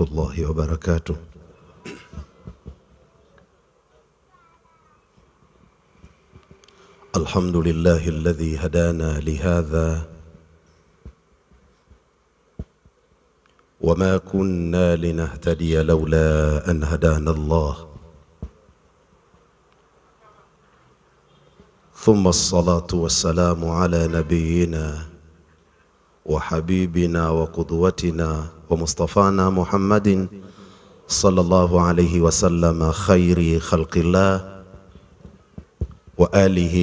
الله وبركاته الحمد لله الذي هدانا لهذا وما كنا لنهتدي لولا ان هدانا الله ثم الصلاه والسلام على نبينا وحبيبنا وقدوتنا ومصطفانا محمد صلى الله عليه وسلم خير خلق الله وآله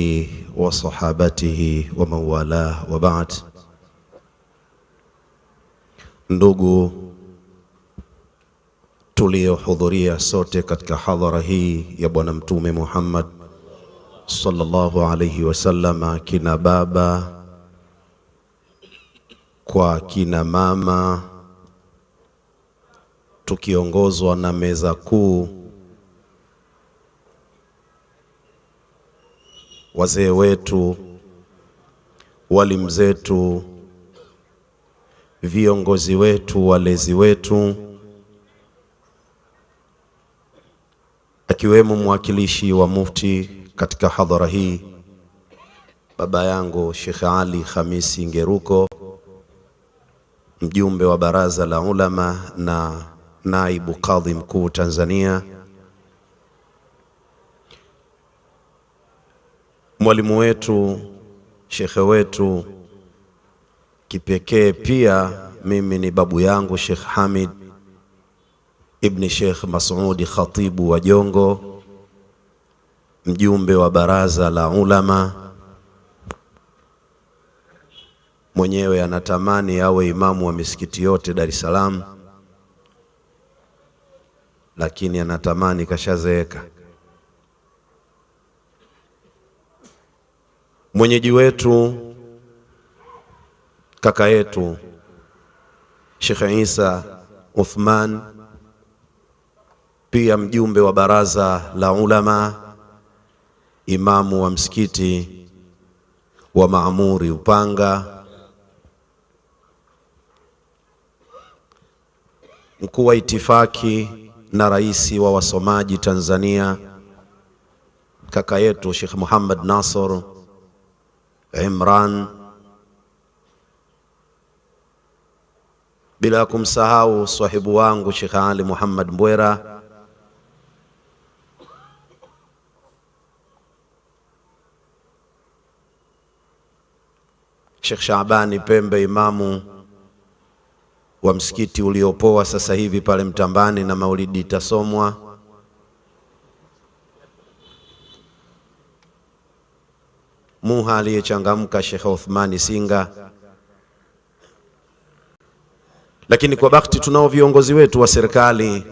وصحابته ومن والاه وبعد ndugu tuliohudhuria sote katika hadhara hii ya bwana mtume Muhammad sallallahu alayhi wasallam, kina baba kwa kina mama tukiongozwa na meza kuu, wazee wetu, walimu zetu, viongozi wetu, walezi wetu, akiwemo mwakilishi wa mufti katika hadhara hii, baba yangu Sheikh Ali Khamisi Ngeruko, mjumbe wa baraza la ulama na naibu kadhi mkuu Tanzania, mwalimu wetu, shekhe wetu kipekee, pia mimi ni babu yangu Sheikh Hamid ibni Sheikh Masudi, khatibu wa Jongo, mjumbe wa baraza la ulama. Mwenyewe anatamani awe imamu wa misikiti yote Dar es Salaam lakini anatamani kashazeeka. Mwenyeji wetu kaka yetu Shekhe Isa Uthman, pia mjumbe wa baraza la ulama, imamu wa msikiti wa Maamuri Upanga, mkuu wa itifaki na rais wa wasomaji Tanzania kaka yetu Sheikh Muhammad Nasor Imran, bila ya kumsahau sahibu wangu Sheikh Ali Muhammad Mbwera, Sheikh Shabani Pembe, imamu wa msikiti uliopoa sasa hivi pale Mtambani na maulidi itasomwa. Muha aliyechangamka Sheikh Uthmani Singa. Lakini kwa bakti tunao viongozi wetu wa serikali,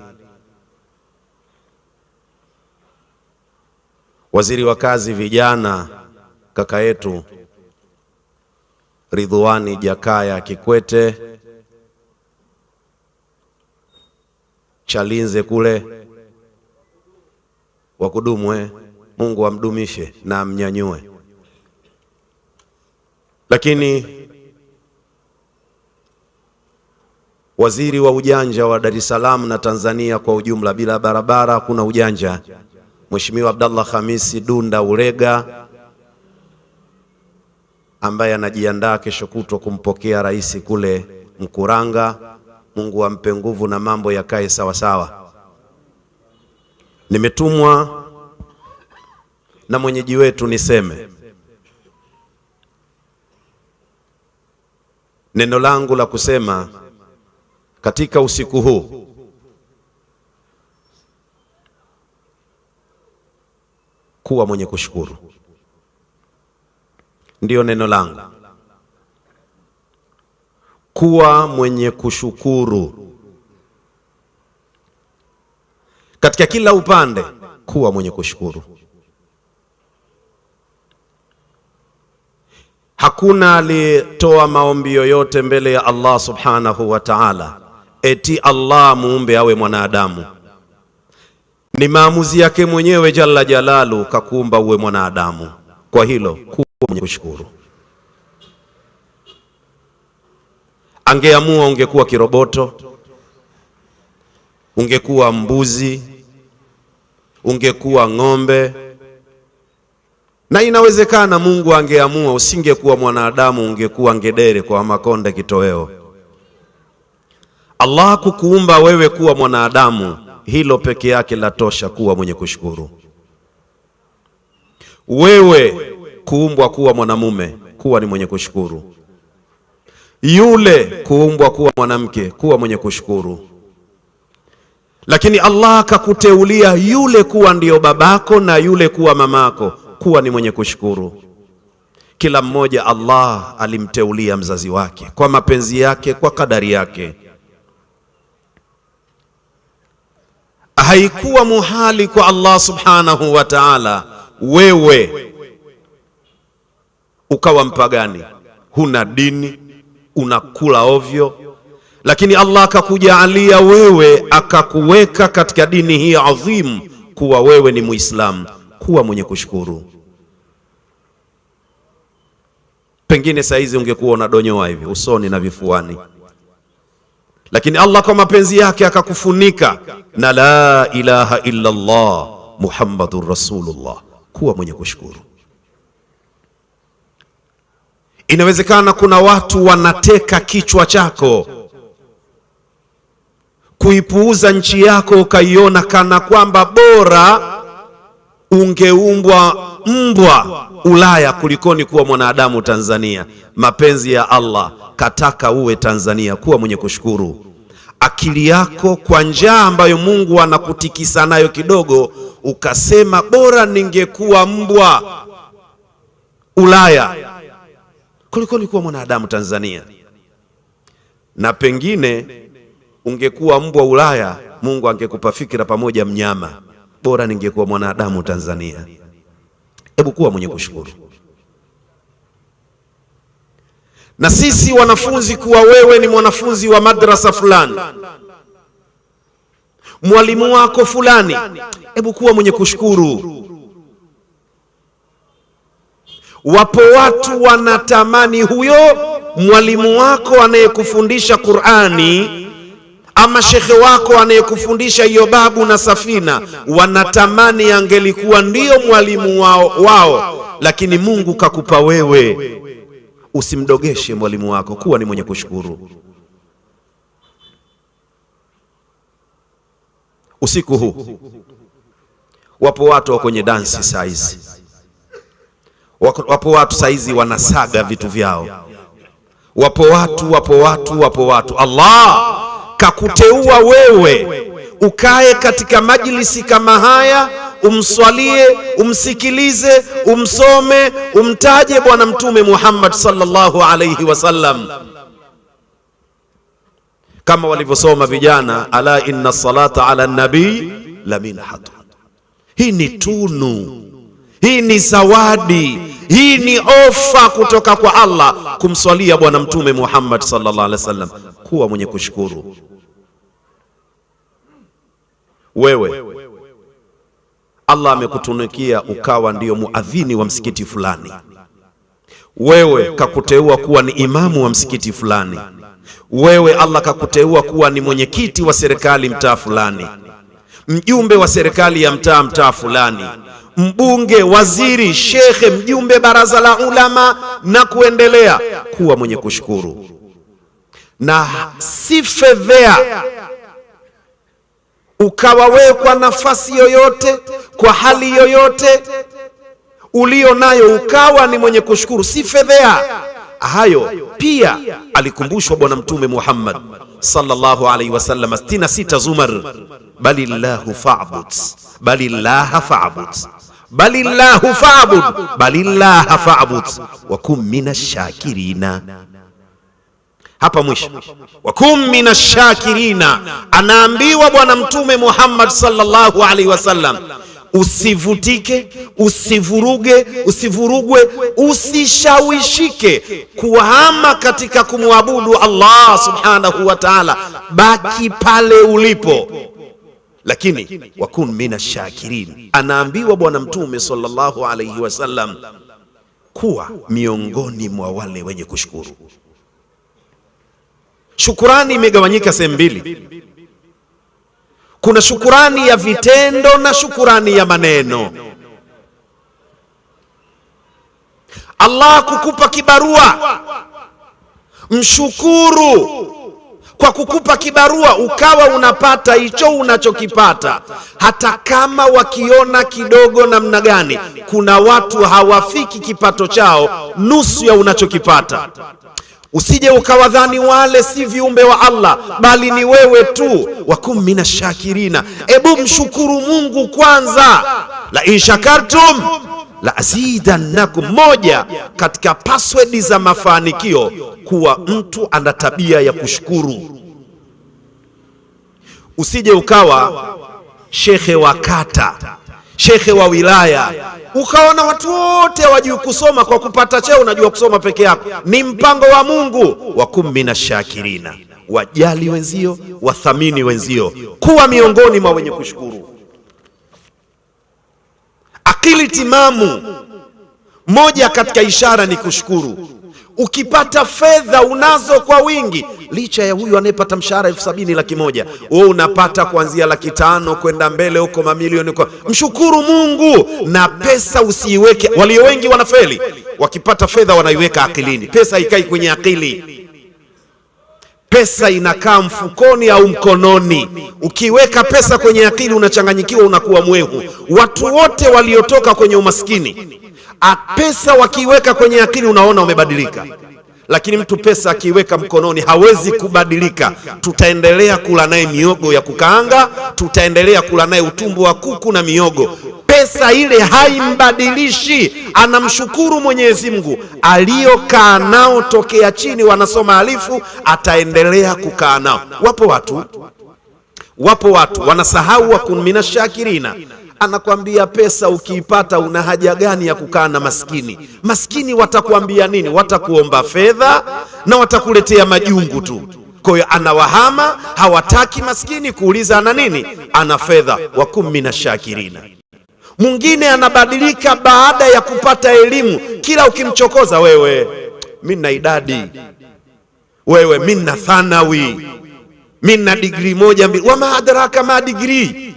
waziri wa kazi vijana, kaka yetu Ridhwani Jakaya Kikwete Chalinze kule wakudumwe, eh? Mungu amdumishe na amnyanyue. Lakini waziri wa ujanja wa Dar es Salaam na Tanzania kwa ujumla, bila barabara hakuna ujanja, Mheshimiwa Abdallah Hamisi Dunda Urega ambaye anajiandaa kesho kutwa kumpokea rais kule Mkuranga Mungu ampe nguvu na mambo yakae sawa sawa. Nimetumwa na mwenyeji wetu niseme neno langu la kusema katika usiku huu kuwa mwenye kushukuru, ndiyo neno langu kuwa mwenye kushukuru katika kila upande, kuwa mwenye kushukuru. Hakuna aliyetoa maombi yoyote mbele ya Allah subhanahu wa ta'ala, eti Allah muumbe awe mwanadamu. Ni maamuzi yake mwenyewe jalla jalalu, kakuumba uwe mwanadamu. Kwa hilo kuwa mwenye kushukuru. Angeamua ungekuwa kiroboto, ungekuwa mbuzi, ungekuwa ng'ombe, na inawezekana Mungu angeamua usingekuwa mwanadamu, ungekuwa ngedere kwa Makonde kitoweo. Allah kukuumba wewe kuwa mwanadamu, hilo peke yake latosha kuwa mwenye kushukuru. Wewe kuumbwa kuwa mwanamume, kuwa ni mwenye kushukuru yule kuumbwa kuwa mwanamke, kuwa mwenye kushukuru. Lakini Allah akakuteulia yule kuwa ndiyo babako na yule kuwa mamako, kuwa ni mwenye kushukuru. Kila mmoja Allah alimteulia mzazi wake kwa mapenzi yake, kwa kadari yake. Haikuwa muhali kwa Allah subhanahu wa ta'ala wewe ukawa mpagani, huna dini unakula ovyo, lakini Allah akakujaalia wewe, akakuweka katika dini hii adhimu, kuwa wewe ni Muislamu, kuwa mwenye kushukuru. Pengine saa hizi ungekuwa unadonyoa hivi usoni na vifuani, lakini Allah kwa mapenzi yake akakufunika na la ilaha illa Allah muhammadur rasulullah, kuwa mwenye kushukuru. Inawezekana kuna watu wanateka kichwa chako kuipuuza nchi yako, ukaiona kana kwamba bora ungeumbwa mbwa Ulaya kulikoni kuwa mwanadamu Tanzania. Mapenzi ya Allah kataka uwe Tanzania. Kuwa mwenye kushukuru akili yako kwa njaa ambayo Mungu anakutikisa nayo kidogo, ukasema bora ningekuwa mbwa Ulaya kuliko kuwa mwanadamu Tanzania, na pengine ungekuwa mbwa Ulaya, Mungu angekupa fikira pamoja mnyama. Bora ningekuwa mwanadamu Tanzania. Hebu kuwa mwenye kushukuru. Na sisi wanafunzi, kuwa wewe ni mwanafunzi wa madrasa fulani, mwalimu wako fulani, hebu kuwa mwenye kushukuru Wapo watu wanatamani huyo mwalimu wako anayekufundisha Qur'ani ama shekhe wako anayekufundisha hiyo babu na safina, wanatamani angelikuwa ndiyo mwalimu wao, wao. Lakini Mungu kakupa wewe, usimdogeshe mwalimu wako, kuwa ni mwenye kushukuru. Usiku huu wapo watu wa kwenye dansi saa hizi Wapo watu saizi wanasaga vitu vyao, wapo watu, wapo watu, wapo watu. Allah kakuteua wewe ukae katika majlisi kama haya, umswalie, umsikilize, umsome, umtaje Bwana Mtume Muhammad sallallahu alayhi wasallam kama walivyosoma vijana, ala inna salata ala nabi la minhatun. Hii ni tunu hii ni zawadi, hii ni ofa kutoka kwa Allah kumswalia Bwana Mtume Muhammad sallallahu alaihi wasallam. Kuwa mwenye kushukuru. Wewe Allah amekutunikia ukawa ndiyo muadhini wa msikiti fulani, wewe kakuteua kuwa ni imamu wa msikiti fulani, wewe Allah kakuteua kuwa ni mwenyekiti wa serikali mtaa fulani, mjumbe wa serikali ya mtaa mtaa fulani mbunge, waziri, shekhe, mjumbe baraza la ulama na kuendelea, kuwa mwenye kushukuru na si fedhea ukawa wewe kwa nafasi yoyote, kwa hali yoyote ulio nayo, ukawa ni mwenye kushukuru, si fedhea. Hayo pia alikumbushwa Bwana Mtume Muhammad sallallahu alaihi wasallam 66 Zumar, balillahu fa'bud, balillaha fa'bud balillahu fa'bud llaha fa'bud wa kum minash Hapa mwisho wa kum minash anaambiwa Bwana Mtume Muhammad sallallahu alaihi wasallam Usivutike, usivuruge, usivurugwe, usishawishike kuhama katika kumwabudu Allah subhanahu wa ta'ala. Baki pale ulipo lakini wakun mina shakirin, anaambiwa Bwana Mtume sallallahu alaihi wasallam kuwa miongoni mwa wale wenye kushukuru. Shukurani imegawanyika sehemu mbili, kuna shukurani ya vitendo na shukurani ya maneno. Allah kukupa kibarua, mshukuru kwa kukupa kibarua ukawa unapata hicho unachokipata, hata kama wakiona kidogo namna gani. Kuna watu hawafiki kipato chao nusu ya unachokipata. Usije ukawadhani wale si viumbe wa Allah, bali ni wewe tu. Wakum minashakirina, ebu mshukuru Mungu kwanza. La in shakartum la azidannakum, moja katika password za mafanikio kuwa mtu ana tabia ya kushukuru. Usije ukawa shekhe wa kata, shekhe wa wilaya, ukaona watu wote wajui kusoma. Kwa kupata cheo unajua kusoma peke yako, ni mpango wa Mungu. wa kum shakirina wajali wenzio, wathamini wenzio, kuwa miongoni mwa wenye kushukuru. Akili timamu, moja katika ishara ni kushukuru. Ukipata fedha unazo kwa wingi, licha ya huyu anayepata mshahara elfu sabini laki moja, wewe unapata kuanzia laki tano kwenda mbele huko mamilioni. Kwa mshukuru Mungu na pesa usiiweke. Walio wengi wanafeli, wakipata fedha wanaiweka akilini, pesa haikai kwenye akili pesa inakaa mfukoni au mkononi. Ukiweka pesa kwenye akili unachanganyikiwa, unakuwa mwehu. Watu wote waliotoka kwenye umaskini a pesa wakiiweka kwenye akili unaona wamebadilika, lakini mtu pesa akiiweka mkononi hawezi kubadilika. Tutaendelea kula naye miogo ya kukaanga, tutaendelea kula naye utumbo wa kuku na miogo pesa ile haimbadilishi, anamshukuru Mwenyezi Mungu aliyokaa nao tokea chini, wanasoma alifu, ataendelea kukaa nao. Wapo watu wapo watu wanasahau, wakun shakirina anakwambia pesa ukiipata, una haja gani ya kukaa na maskini? Maskini watakuambia nini? Watakuomba fedha na watakuletea majungu tu. Kwa hiyo anawahama, hawataki maskini kuuliza ana nini, ana fedha. Wakum shakirina Mwingine anabadilika baada ya kupata elimu. Kila ukimchokoza wewe, mimi nina idadi, wewe mimi nina thanawi, mimi na digrii moja mbili, wa adraka ma digrii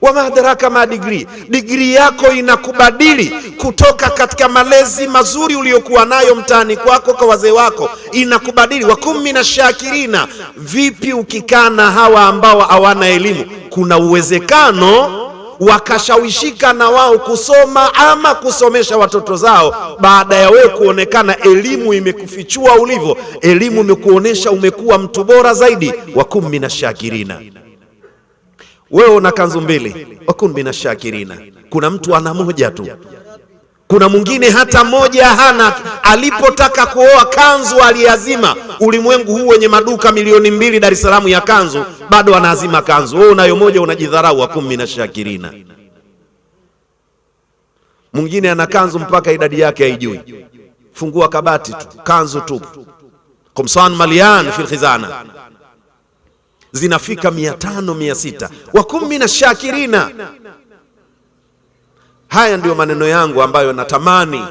wa madaraka ma degree. Degree yako inakubadili kutoka katika malezi mazuri uliyokuwa nayo mtaani kwako kwa wazee wako, inakubadili wa kumi na shakirina. Vipi ukikaa na hawa ambao hawana elimu? Kuna uwezekano wakashawishika na wao kusoma ama kusomesha watoto zao, baada ya wewe kuonekana elimu imekufichua ulivyo, elimu imekuonesha umekuwa mtu bora zaidi. wa kumi na shakirina. Wewe una kanzu mbili, wakun bina shakirina. Kuna mtu ana moja tu, kuna mwingine hata moja hana. Alipotaka kuoa kanzu aliazima. Ulimwengu huu wenye maduka milioni mbili Dar es Salaam ya kanzu, bado anaazima kanzu. Wewe unayo moja, unajidharau. Wakun bina shakirina. Mwingine ana kanzu mpaka idadi yake haijui. Fungua kabati tu, kanzu tu kumsan malian fil khizana zinafika mia tano mia sita kumi na shakirina. Haya ndiyo maneno yangu ambayo natamani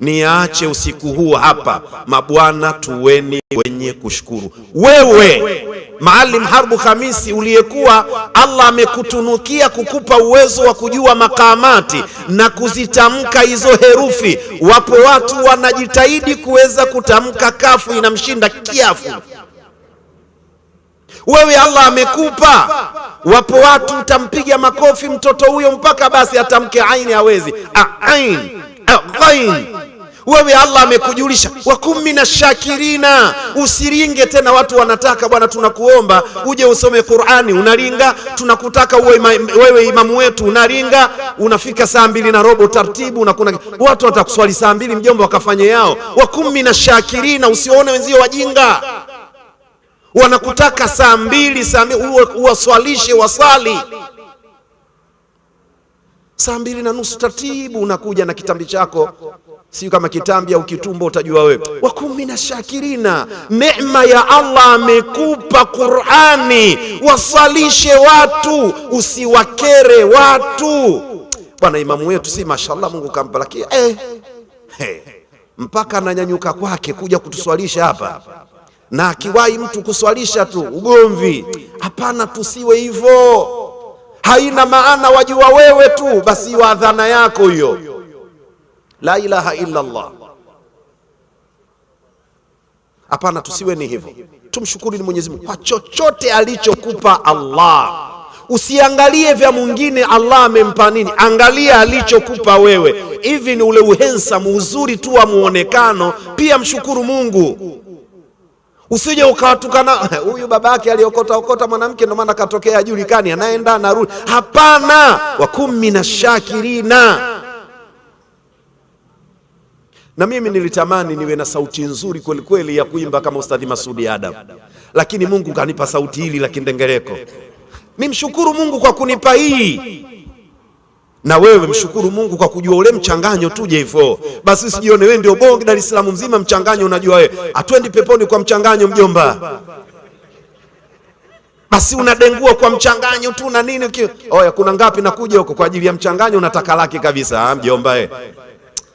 niache usiku huu hapa. Mabwana, tuweni wenye kushukuru. Wewe Maalim Harbu Khamisi uliyekuwa Allah amekutunukia kukupa uwezo wa kujua makamati na kuzitamka hizo herufi. Wapo watu wanajitahidi kuweza kutamka kafu, inamshinda kiafu. Wewe Allah amekupa. Wapo watu utampiga makofi mtoto huyo mpaka basi atamke aini, hawezi ain ghain. Wewe Allah amekujulisha, wakum mina shakirina. Usiringe tena, watu wanataka bwana, tunakuomba uje usome Qur'ani, unaringa. Tunakutaka uwe ima, wewe imamu wetu, unaringa. Unafika saa mbili na robo taratibu, na kuna watu watakuswali saa mbili, mjomba, wakafanye yao. Wakum mina shakirina, usione wenzio wajinga wanakutaka saa mbili, saa mbili uwaswalishe wasali saa mbili na nusu taratibu, unakuja na kitambi chako, siu kama kitambi au kitumbo, utajua wewe. wa kumi na shakirina, neema ya Allah amekupa Qur'ani, waswalishe watu, usiwakere watu. Bwana imamu wetu si mashallah, Mungu kampalakia eh, hey, eh, eh. mpaka ananyanyuka kwake kuja kutuswalisha hapa na akiwahi mtu kuswalisha tu ugomvi. Hapana, tusiwe hivyo, haina maana wajua wewe tu basi wa adhana yako hiyo. La ilaha illa Allah. Hapana, tusiwe ni hivyo. Tumshukuru ni Mwenyezi Mungu kwa chochote alichokupa Allah. Usiangalie vya mwingine Allah amempa nini, angalia alichokupa wewe. Hivi ni ule uhensa muuzuri tu wa muonekano, pia mshukuru Mungu. Usije ukawatukana huyu babake aliokota okota mwanamke ndio maana katokea ajulikani, anaenda anarudi. Hapana, wakum minashakirina. Na mimi nilitamani niwe na sauti nzuri kweli kweli ya kuimba kama Ustadhi Masudi Adam, lakini Mungu kanipa sauti hili la kindengereko. Nimshukuru Mungu kwa kunipa hii na wewe mshukuru Mungu kwa kujua ule mchanganyo J4. basi, usijione wewe ndio bonge Dar es Salaam mzima mchanganyo unajua wewe. Atwendi peponi kwa mchanganyo mjomba, basi unadengua kwa mchanganyo tu na nini oya, kuna ngapi nakuja huko kwa ajili ya mchanganyo, unataka laki kabisa ah, mjomba, eh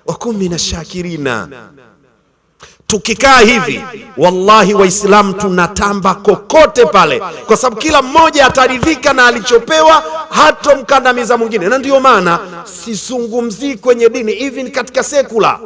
wa kumi na shakirina Tukikaa hivi wallahi, Waislamu tunatamba kokote pale, kwa sababu kila mmoja ataridhika na alichopewa, hatomkandamiza mwingine. Na ndiyo maana sizungumzii kwenye dini, even katika sekula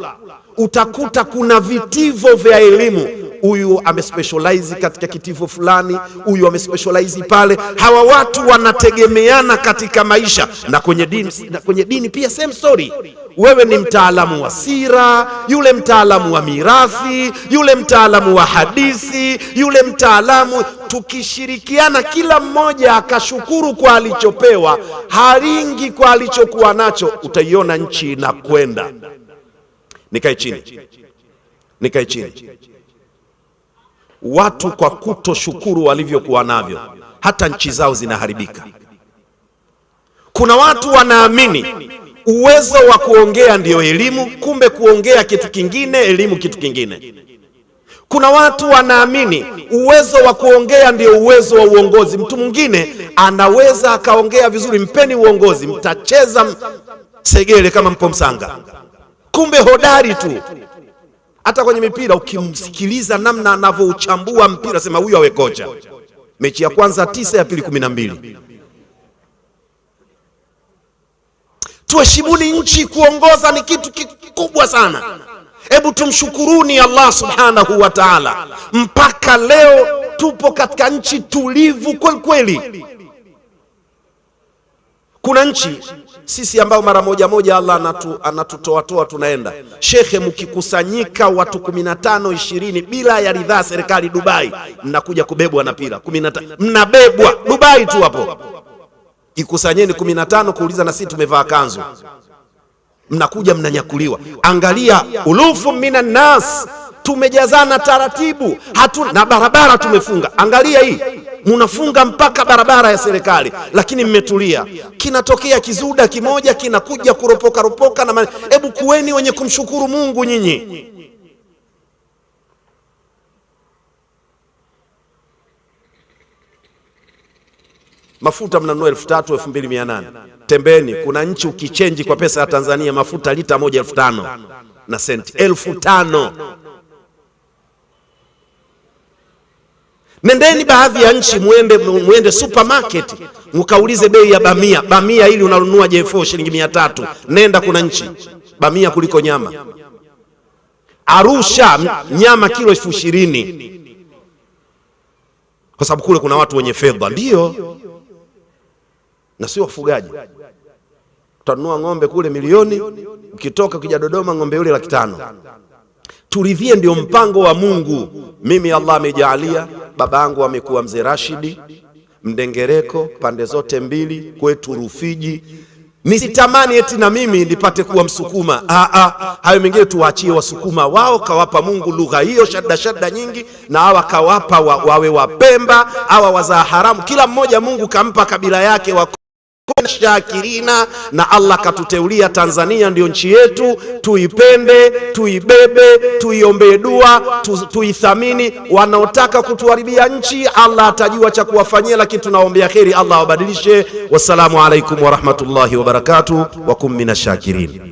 utakuta kuna vitivo vya elimu huyu amespecialize katika kitivo fulani, huyu amespecialize pale. Hawa watu wanategemeana katika maisha na kwenye dini, na kwenye dini pia same story. Wewe ni mtaalamu wa sira, yule mtaalamu wa mirathi, yule mtaalamu wa hadithi, yule mtaalamu. Tukishirikiana kila mmoja akashukuru kwa alichopewa, haringi kwa alichokuwa nacho, utaiona nchi inakwenda. Nikae chini, nikae chini watu kwa kutoshukuru walivyokuwa navyo, hata nchi zao zinaharibika. Kuna watu wanaamini uwezo wa kuongea ndiyo elimu, kumbe kuongea kitu kingine, elimu kitu kingine. Kuna watu wanaamini uwezo wa kuongea ndio uwezo wa uongozi. Mtu mwingine anaweza akaongea vizuri, mpeni uongozi, mtacheza segele kama mpo Msanga, kumbe hodari tu hata kwenye mipira ukimsikiliza namna anavyouchambua mpira, sema huyu awe kocha. Mechi ya kwanza tisa, ya pili kumi na mbili. Tuheshimuni nchi, kuongoza ni kitu kikubwa sana. Hebu tumshukuruni Allah subhanahu wa ta'ala, mpaka leo tupo katika nchi tulivu kweli kweli. Kuna nchi sisi ambao mara moja moja Allah anatu, anatutoatoa tunaenda. Shekhe, mkikusanyika watu 15 20 bila ya ridhaa serikali Dubai, mnakuja kubebwa na pira 15, mnabebwa Dubai tu hapo. Ikusanyeni 15 kuuliza, na sisi tumevaa kanzu, mnakuja mnanyakuliwa. Angalia ulufu minan nas, tumejazana taratibu hatu, na barabara tumefunga. Angalia hii munafunga mpaka barabara ya serikali, lakini mmetulia. Kinatokea kizuda kimoja kinakuja kuropoka ropoka na hebu kuweni wenye kumshukuru Mungu nyinyi. Mafuta mnanunua elfu tatu elfu mbili mia nane tembeni. Kuna nchi ukichenji kwa pesa ya Tanzania mafuta lita moja elfu tano na senti elfu tano Nendeni baadhi ya nchi muende, muende supermarket mkaulize bei ya bamia. Bamia hili unanunua J4 shilingi mia tatu. Nenda kuna nchi bamia kuliko nyama. Arusha nyama kilo elfu ishirini kwa sababu kule kuna watu wenye fedha, ndio na sio wafugaji. Utanunua ng'ombe kule milioni, ukitoka ukija Dodoma ng'ombe yule laki tano. Turidhie, ndio mpango wa Mungu. Mimi Allah amejaalia babangu amekuwa mzee Rashidi, mdengereko pande zote mbili, kwetu Rufiji. Nisitamani eti na mimi nipate kuwa Msukuma. Ah, ah, hayo mengine tuwaachie Wasukuma, wao kawapa Mungu lugha hiyo shadda shadda nyingi, na hawa kawapa wa, wawe Wapemba, hawa wazaa haramu, kila mmoja Mungu kampa kabila yake wako shakirina, na Allah akatuteulia Tanzania ndiyo nchi yetu, tuipende, tuibebe, tuiombee dua, tuithamini. Wanaotaka kutuharibia nchi, Allah atajua cha kuwafanyia, lakini tunaombea kheri, Allah awabadilishe. Wassalamu alaikum warahmatullahi wabarakatuh, wakum minashakirin.